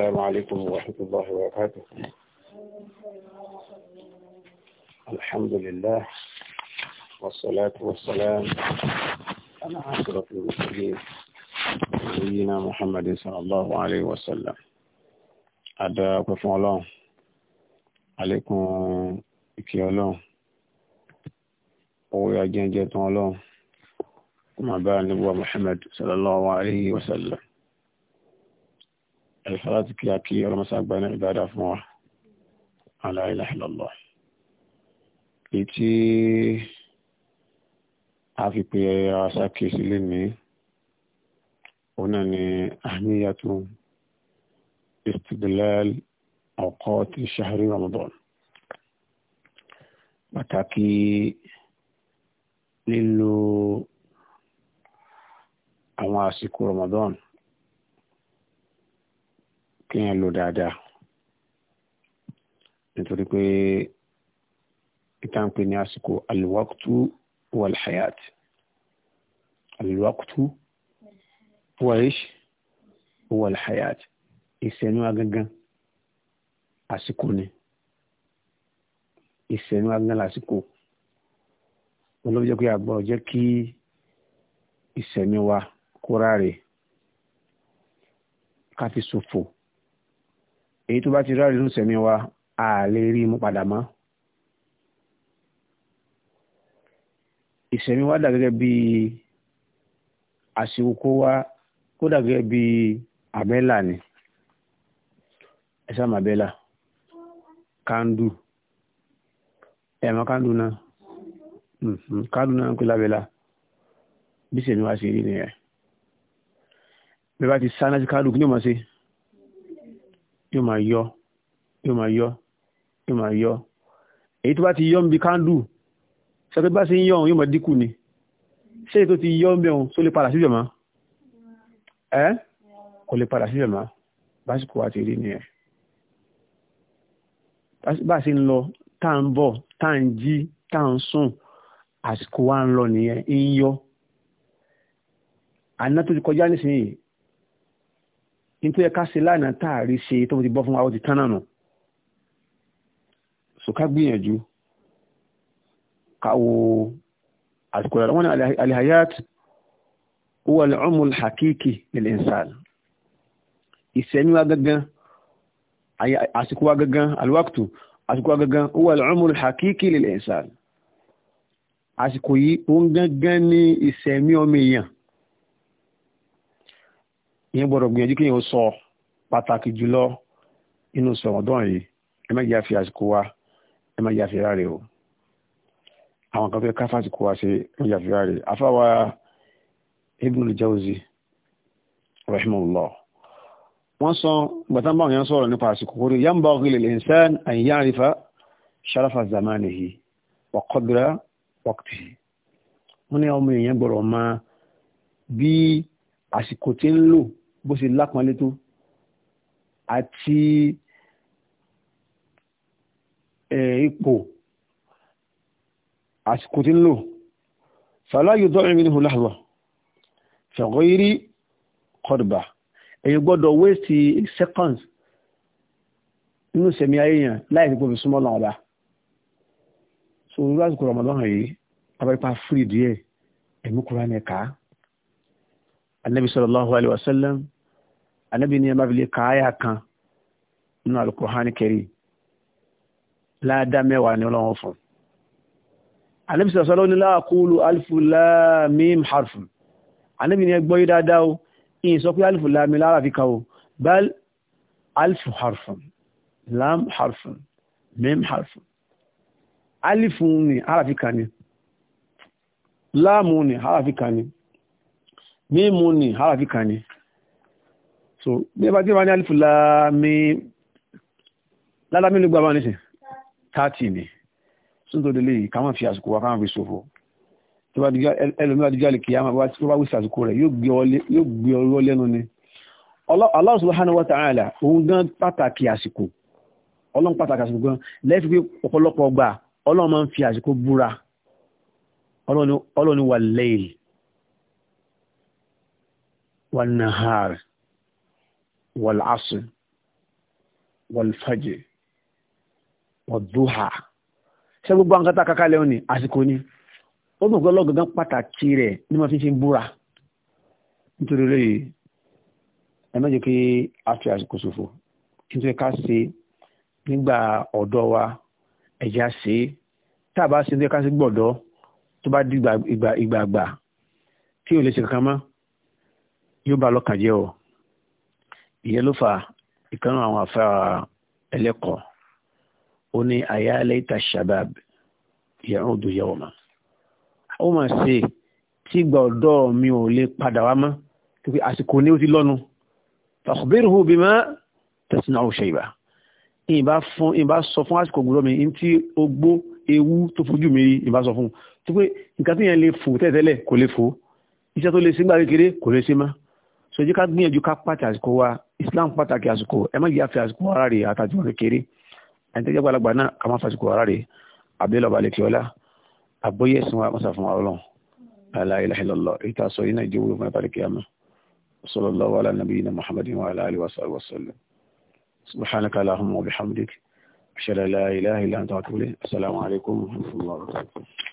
السلام عليكم ورحمة الله وبركاته الحمد لله والصلاة والسلام على عشرة المسلمين نبينا محمد صلى الله عليه وسلم أدعوكم الله عليكم كي الله أو جنجة الله ما بعد نبوة محمد صلى الله عليه وسلم ẹ̀fọ́lá ti kí a kí ọlọ́mọsá gba iná ìbádá fún wa la ilaha illallah èyí tí a fi pe aṣá kéésì lénìí òun náà ni ahmiyatu istidlal awqati shahri ramadan pàtàkì lílo àwọn àsìkò ramadan kéèyàn lò dáadáa nítorí pé ìtànpé ní àsìkò alwaktu walhayat alwaktu waish walhayat ìsẹ̀nú agangan àsìkò ni ìsẹ̀nú agangan lásìkò wọn pé àgbọ̀ jẹ́ kí ìsẹ̀mí wa kóra rè ká fi ṣòfò. So èyí tó bá ti rárí lóṣẹ̀ mi wa a lè rí mú padà mọ́. ìṣẹ̀mí wa dà gẹ́gẹ́ bí àṣewòkó wa kó dà bí àbẹ́là ni ẹ̀sà màbẹ́là kandu ẹ̀mọ́ kandu náà mm-hmm. kandu náà ń pè lábẹ́là bí ìṣẹ̀mí wa ṣe rí nìyẹn bí wọ́n bá ti sáná sí kandu kí ni mo ṣe yóò máa yọ yóò máa yọ yóò máa yọ èyí tó bá ti yọ ń bi kándù sọ pé bá ṣe ń yọ òun yóò máa dínkù ni ṣé èyí tó ti yọ ń bẹ̀ òun tó lè padà síbẹ̀ mọ́ ẹ́ kò lè padà síbẹ̀ mọ́ básìkò wa ti rí nìyẹn bá a ṣe ń lọ tá à ń bọ̀ tá à ń jí tá à ń sùn àsìkò wa ń lọ nìyẹn ń yọ àná tó ti kọjá nísìnyí nítorí ẹ̀ka ṣe lánàá táàrí ṣe tó ti bọ́ fún wa ó ti tán náà nù so ká gbìyànjú ká wo àsìkò rẹ̀ wọ́n ní alihayat huwa al-umul hakiki lil insan ìṣẹ́yìn wa gangan àsìkò wa gangan alwaktu àsìkò wa gangan huwa al-umul hakiki lil insan àsìkò yìí ó ń gangan ní ìṣẹ̀mí ọmọ èèyàn ìyẹn gbọ́dọ̀ gbìyànjú kí yẹn sọ pàtàkì jùlọ inú sọ̀rọ̀dọ́n yìí ẹ má jẹ́ àfi àsìkò wa ẹ má jẹ́ àfi ráre o àwọn kan fẹ́ káfà àsìkò wa ṣe ẹ má jẹ́ àfi ráre afáwa Ibnul Jawzi rahimahullah wọ́n sọ gbàtán báwọn yẹn sọ̀rọ̀ nípa àsìkò kúrò yá ń bá ọkùnrin lil insan an ya'rifa sharafa zamanihi wa qadra waqtihi wọ́n ní ọmọ èèyàn gbọ́dọ̀ máa bí àsìkò tí ń lò bó ṣe lápọnlé tó àti ipò àsìkò tí ń lò fàlàyé dọ́rin mi ní hùlàhùwà fẹ̀kọ́ yìí rí kọ́dùbà èyí gbọ́dọ̀ wéèsì seconds nínú ìṣẹ̀mí ayé yẹn láì fi gbọ́dọ̀ súnmọ́ lọ́wọ́ bá so lásìkò Ramadan yìí abẹ́pá fúri díẹ̀ ẹ̀mí kúrò ní ẹ̀ka anabi sallallahu alayhi wa sallam anabi ní ẹ̀ma fìlẹ̀ káyà kan nínú alukur'an kẹrì láàdá mẹ́wàá ni ọlọ́wọ́ fún anabi sallallahu alayhi wa sallam láàkúlù alifu láàmìm harfun anabi ní ẹgbọ́ yí dáadáa o ìyìn sọ pé alifu láàmì lára fi kàwọ́ bal alifu harfun lam harfun mim harfun alifu ni ara fi kàní láàmù ni ara fi kàní mímú ni harafi kan ni so bí ẹ bá tí wọ́n ní alifu láàmì lálámì ló gbà wọ́n nísìn tààtì ni sún tó délé káwọn fi àsìkò wa káwọn fi ṣòfò tó bá ẹlòmí wàá díjọ́ àlèkè àmà tó bá wíṣà àsìkò rẹ̀ yóò gbé ọwọ́ lẹ́nu ni Allah subhanahu wa ta'ala òun gan pàtàkì àsìkò ọlọ́run pàtàkì àsìkò gan lẹ́yìn fi ọ̀pọ̀lọpọ̀ gbà ọlọ́run máa ń fi àsìkò búra ọlọ́run wà lẹ́yìn والنهار والعصر والفجر والضحى ṣé gbogbo àwọn kátà kákálẹ̀ òní àsìkò ní ó mọ̀ pé ọlọ́gọ̀gán pàtàkì rẹ̀ ní ma fi ṣe búra nítorí lóye ẹ má jẹ́ kí a fi àsìkò ṣòfò nítorí ká ṣe nígbà ọ̀dọ́ wa ẹ̀já ṣe tá a bá ṣe nítorí ká ṣe tó di lè ṣe kankan yóò bá lọ́kàn jẹ́ o ìyẹn ló fà ìkànnì àwọn afẹ́ ẹlẹ́kọ̀ọ́ ó ní ayálẹ́ ìta shabab ìyàrá odò yẹ̀wò mà ó mà ṣe tí ìgbà ọ̀dọ́ mi ò lè padà wá mọ́ pé àsìkò ni ó ti lọ́nu fàkùbẹ́rù bímọ tẹ̀sán àwọn ṣèyíbá ìbá fún ìbá sọ fún àsìkò gbọ́dọ̀ mi ntí ogbó ewu tó fojú mi rí ìbá sọ fún tó pé nǹkan tó yẹn lè fò tẹ́tẹ́lẹ̀ kò lè fò iṣẹ́ tó lè ṣe gbà kékeré kò lè ṣe máa so jẹ́ ká gbìyànjú ká pàtàkì àsìkò wa islam pàtàkì àsìkò ẹ má yíyá fi àsìkò ara rẹ̀ àtàjùmọ̀ kékeré ẹni tẹ́jọ́ gbalagbà náà ká má fa àsìkò ara rẹ̀ abdulayi balẹ̀kì ọlá àgbóyè ẹ̀sìn wa mọ́sà fún ọlọ́run la ilaha illallah ìta sọ iná ìjẹ́ wúlò fún ẹ̀ balẹ̀kì àmọ́ sallallahu ala nabiyyina muhammadin wa ala alihi wa sahbihi wa sallam subhanaka allahumma wa bihamdik ashhadu an la ilaha illa anta astaghfiruka wa atubu wa rahmatullahi